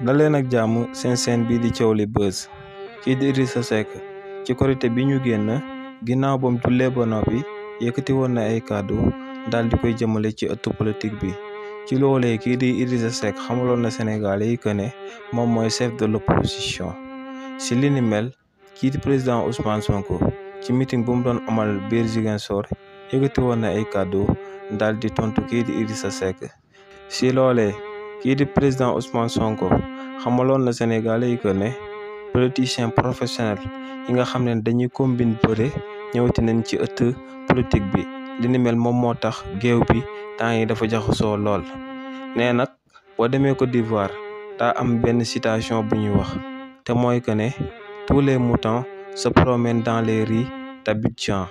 daleen ak jàmm seen seen bii di Thiowli Buzz kii di Idrissa Seck ci korite bi ñu génn ginnaaw bam jullee ba yëkkati woon na ay kàddu daal di koy jëmale ci ëttu politique bi ci loolee kii di Idrissa Seck xamaloon na Sénégal yi que moom mooy chef de l'opposition si li ni mel kii di président Ousmane Sonko ci mitin bu mu doon amal biir Ziguinchor yëkkati woon na ay kàddu daal di tontu kii di Idrissa Seck si loolee kii di président Ousmane Sonko xamaloon na Sénégalais yi que ne politicien professionnel yi nga xam ne dañuy combine bëre ñëwati nañ ci ëtt politique bi li ni mel moom moo tax géew bi temps yi dafa jaxasoo lool nee nag boo demee ko d'Ivoire daa am benn citation bu ñuy wax te mooy que ne tous les moutons se promine dans les rues d'Abidjan,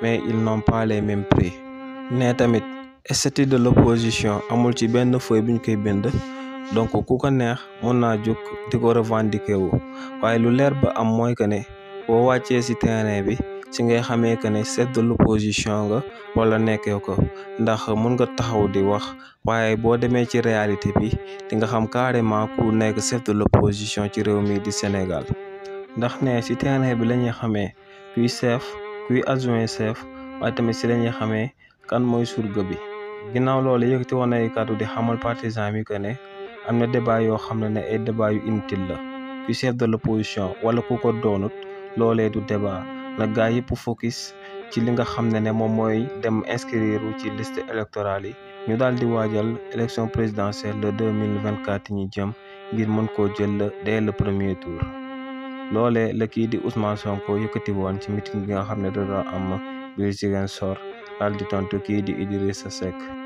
mais ils n'ont pas les mêmes prix. ne tamit statut de l'opposition amul ci benn feuille buñ koy bind donc ku ko neex mën naa jóg di ko revendiquer wu waaye lu leer ba am mooy que ne boo wàccee ci terrain bi si ngay xamee que ne chef de l'opposition nga wala nekkee ko ndax mun nga taxaw di wax waaye boo demee ci réalité bi di nga xam carrément ku nekk chef de l'opposition ci réew mi di Sénégal ndax ne si terrain bi la ñuy xamee kuy chef kuy adjoint chef waaye tamit si la ñuy xamee kan mooy surga bi ginnaaw loolu yëkkati woon ay kàddu di xamal partisan mi que ne am na débat yoo xam ne ne ay débat yu inutile la kuy chef de l'opposition wala ku ko doonut loolee du débat na gaa yëpp focus ci li nga xam ne ne moom mooy dem inscrire ci liste électorale yi ñu daal di waajal élection présidentielle de 2024 ñi jëm ngir mën koo jël dès le premier tour loole la kii di Ousmane Sonko yëkkati woon ci mitin bi nga xam ne doon am biir Ziguinchor daal di tontu kii di sa Seck.